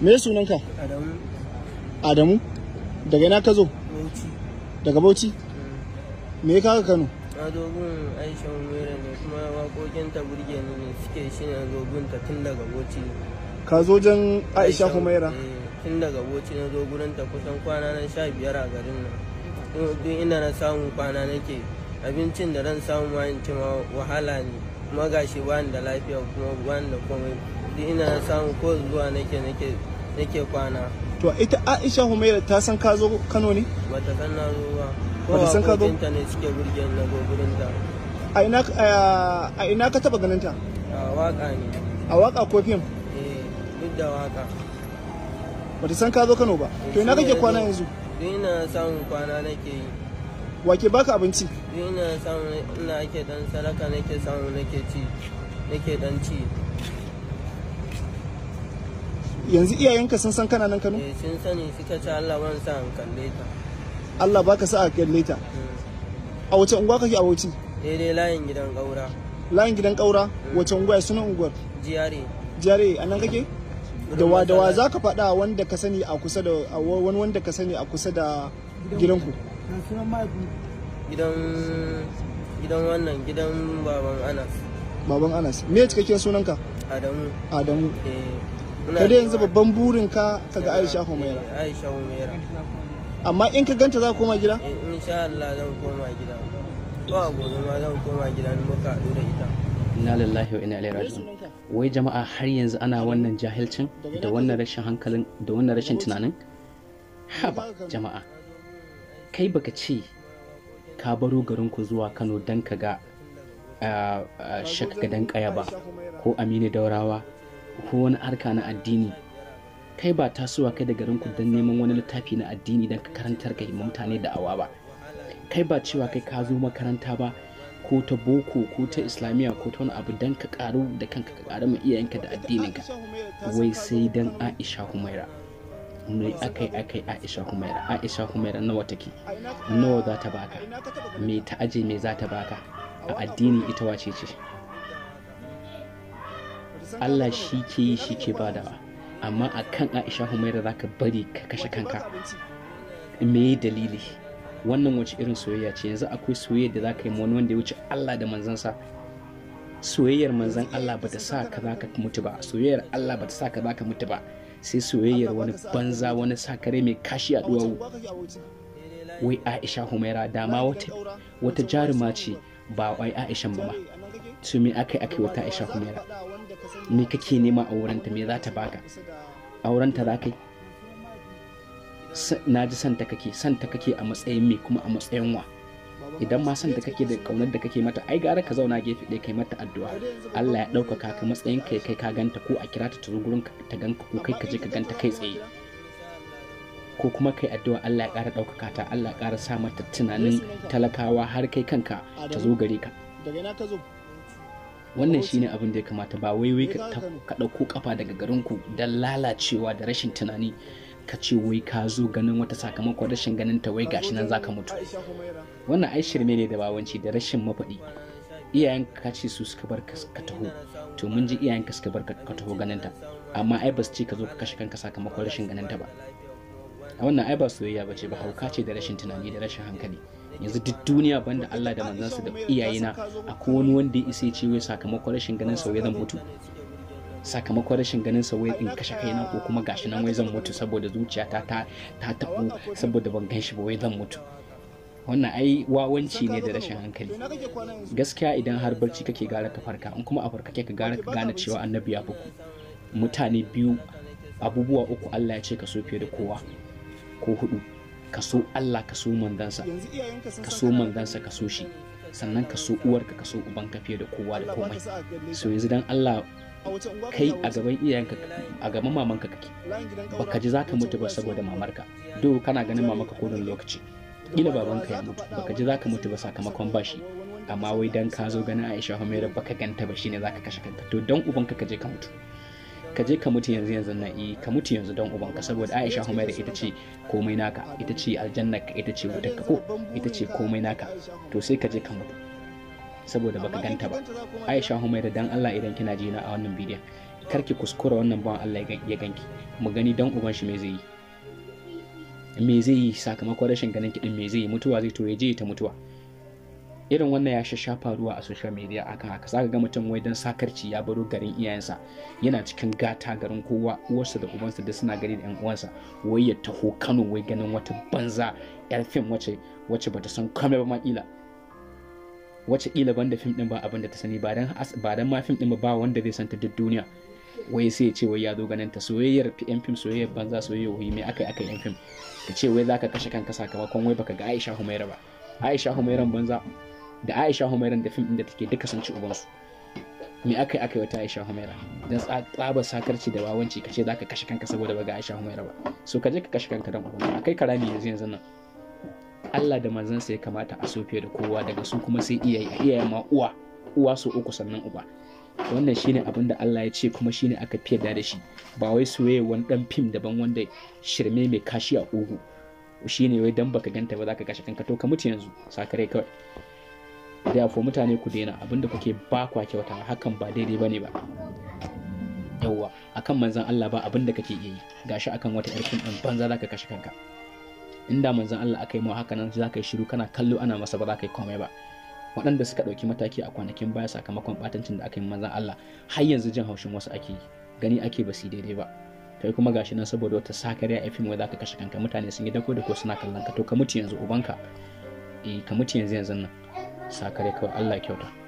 me sunanka adamu adamu daga ina ka zo bauchi daga bauchi me ka ga kano na zo gun aisha umira ne kuma wakokin ta burge ni ne suke shi na zo gun ta tun daga bauchi ka zo jan aisha humaira eh, tun daga bauchi na zo gurin ta kusan kwana na sha biyar a garin nan duk ina na samu kwana nake abincin da ran samu ma in ma wahala ne kuma gashi ba da lafiya kuma ba da komai duk ina na samu ko zuwa nake nake yake kwana to ita Aisha Humaira ta san ka zo Kano ne ba ta san na zo ba ta san ka zo ta ne suke burgen na gurin ta a ina a ina ka taba ganin ta a waka ne a waka ko fim eh duk da waka ta san ka zo Kano ba eh, to ina kake kwana yanzu ina samun kwana nake yi wake baka abinci ina samun ina ake dan saraka nake samu nake ci nake dan ci yanzu iyayenka sun san kana nan Kano eh sun sani suka ce Allah ban sa an kalle ta Allah baka sa a kalle ta hmm. a wace unguwa kake a Bauchi daidai layin gidan kaura layin gidan kaura hmm. wace unguwa sunan unguwar jiyare jiyare nan kake dawa dawa za ka faɗa wanda ka sani a kusa da wani wanda ka sani a kusa da gidanku gidan gidan wannan gidan baban anas baban anas me cikakken sunanka adamu adamu eh ka dai yanzu babban burin ka ka ga Aisha Humaira Aisha Humaira amma in ka ganta za ka koma gida eh, insha Allah zan koma gida to a gobe ma zan koma gida ni muka haɗu da ita inna lillahi wa inna ilaihi raji'un wai jama'a har yanzu ana wannan jahilcin da wannan rashin hankalin da wannan rashin tunanin haba jama'a kai baka ce ka baro garinku zuwa Kano dan ka ga ah, ah, shakka dan kaya ba ko Aminu Daurawa ko wani harka na addini kai ba tasowa kai da garin ku don neman wani littafi na addini don ka karantar ka yi mutane da awa ba kai ba cewa kai ka zo makaranta ba ko ta boko ko ta islamiyya ko ta wani abu don ka karu da kanka ka karu ma iyayenka da addininka wai sai don aisha humaira mai akai akai aisha humaira aisha humaira nawa take nawa za ta baka me ta aje me za ta baka a addini ita wace ce Allah shi ke yi shi ke badawa amma a kan Aisha Humaira za ka bari ka kashe kanka me dalili wannan wace irin soyayya ce yanzu akwai soyayya da za ka yi wani wanda ya wuce Allah da manzansa soyayyar manzan Allah ba ta sa ka za ka mutu ba soyayyar Allah ba ta sa ka za ka mutu ba sai soyayyar wani banza wani kare mai kashi a duwawu wai Aisha Humaira dama wata jaruma ce ba wai aishan ba su me aka yi aka wata aisha humaira ni kake nema a wurinta me za ta baka a wurinta za kai na ji santa kake santa kake a matsayin me kuma a matsayin wa idan ma santa kake da kaunar da kake mata ai gara ka zauna gefe ɗaya kai mata addu'a Allah ya ɗaukaka ka matsayin kai kai ka ganta ko a kira ta gurin ta ganka ko kai ka je ka ganta kai tsaye ko kuma kai addu'a Allah ya ƙara ɗaukaka ta Allah ya ƙara sa mata tunanin talakawa har kai kanka ta zo gare ka wannan shine abin da ya kamata ba wai wai ka ɗauko kafa daga garin ku don lalacewa da rashin tunani ka ce wai ka zo ganin wata sakamakon rashin ganin ta wai gashi nan zaka mutu wannan ai shirme ne da bawanci da rashin mafaɗi iyayen ka ce su suka bar ka taho to mun ji iyayen suka bar ka taho ganin ta amma ai ba su ce ka zo ka kashe kanka sakamakon rashin ganin ta ba wannan ai ba soyayya ba ce ba hauka ce da rashin tunani da rashin hankali yanzu duk duniya banda Allah da manzansa da iyayena akwai wani wanda ya isa ce wai sakamakon rashin ganin sauye zan mutu sakamakon rashin ganin sa in kashe kaina ko kuma gashi nan wai zan mutu saboda zuciyata ta ta tabu saboda ban ganshi ba wai zan mutu wannan ai wawanci ne da rashin hankali gaskiya idan har barci kake gara ka farka in kuma a farkake ka gara ka gane cewa annabi ya fuku mutane biyu abubuwa uku Allah ya ce ka so fiye da kowa ko hudu ka so Allah ka so mandansa ka so mandansa ka so shi sannan ka so uwarka ka so ubanka fiye da kowa da komai so yanzu dan Allah kai a gaban iyayenka a gaban mamanka kake baka ji zaka mutu ba saboda mamarka do kana ganin mamarka dan lokaci kila babanka ya mutu baka ji zaka mutu ba sakamakon bashi amma wai dan ka zo ganin Aisha Humaira baka ganta ba shine zaka kashe kanka to dan ubanka ka je ka mutu ka je ka mutu yanzu yanzu na eh ka mutu yanzu don ubanka saboda Aisha Humaira ita ce komai naka ita ce ka ita ce ka ko ita ce komai naka to sai ka je ka mutu saboda baka ganta ba Aisha Humaira dan Allah idan kina ji na a wannan bidiyon kar ki kuskura wannan ban Allah ya ganki mu gani dan uban shi me zai yi me zai yi sakamakon rashin ganin kiɗin me zai yi mutuwa zai to ya je ta mutuwa irin wannan ya shasha faruwa a social media akan haka zaka ga mutum wai dan sakarci ya baro garin iyayensa yana cikin gata garin kowa uwarsa da ubansa da suna gari da yan uwansa wai ya taho Kano wai ganin wata banza yar fim wace wace bata san komai ba ma kila wace kila banda fim din ba abin da ta sani ba dan ba dan ma fim din ba wanda zai santa duk duniya wai sai ya ce wai ya zo ganin ta soyayyar yan fim soyayyar banza soyayyar wai mai akai akai yan fim ka ce wai zaka kashe kanka sakamakon wai baka ga Aisha Humaira ba Aisha Humairan banza da aisha humairan da fim da take duka sun ci ubansu me aka yi aka wata aisha humaira don tsaba sakarci da wawanci kace za ka kashe kanka saboda baga aisha humaira ba so ka je ka kashe kanka don ubanka akai karami yanzu yanzu nan Allah da manzansa ya kamata a so da kowa daga su kuma sai iyaye iyaye ma uwa uwa su uku sannan uba wannan shine abin da Allah ya ce kuma shine aka fi da shi ba wai soyayya wani dan fim daban wanda shirme mai kashi a ugu shine wai dan baka ganta ba zaka kashe kanka to ka mutu yanzu sakare kawai therefore mutane ku daina abinda kuke ba kwa kyauta hakan ba daidai bane ba yawwa akan manzon Allah ba abinda kake iya yi gashi akan wata yar kin banza zaka kashe kanka inda manzon Allah aka yi mu haka nan zaka yi shiru kana kallo ana masa ba zaka yi komai ba waɗanda suka ɗauki mataki a kwanakin baya sakamakon batancin da aka yi manzon Allah har yanzu jin haushin wasu ake gani ake ba su daidai ba kai kuma gashi nan saboda wata sakariya a fim zaka kashe kanka mutane sun yi dako da ko suna kallon ka to ka mutu yanzu ubanka eh ka mutu yanzu yanzu nan sakare kawai Allah kyauta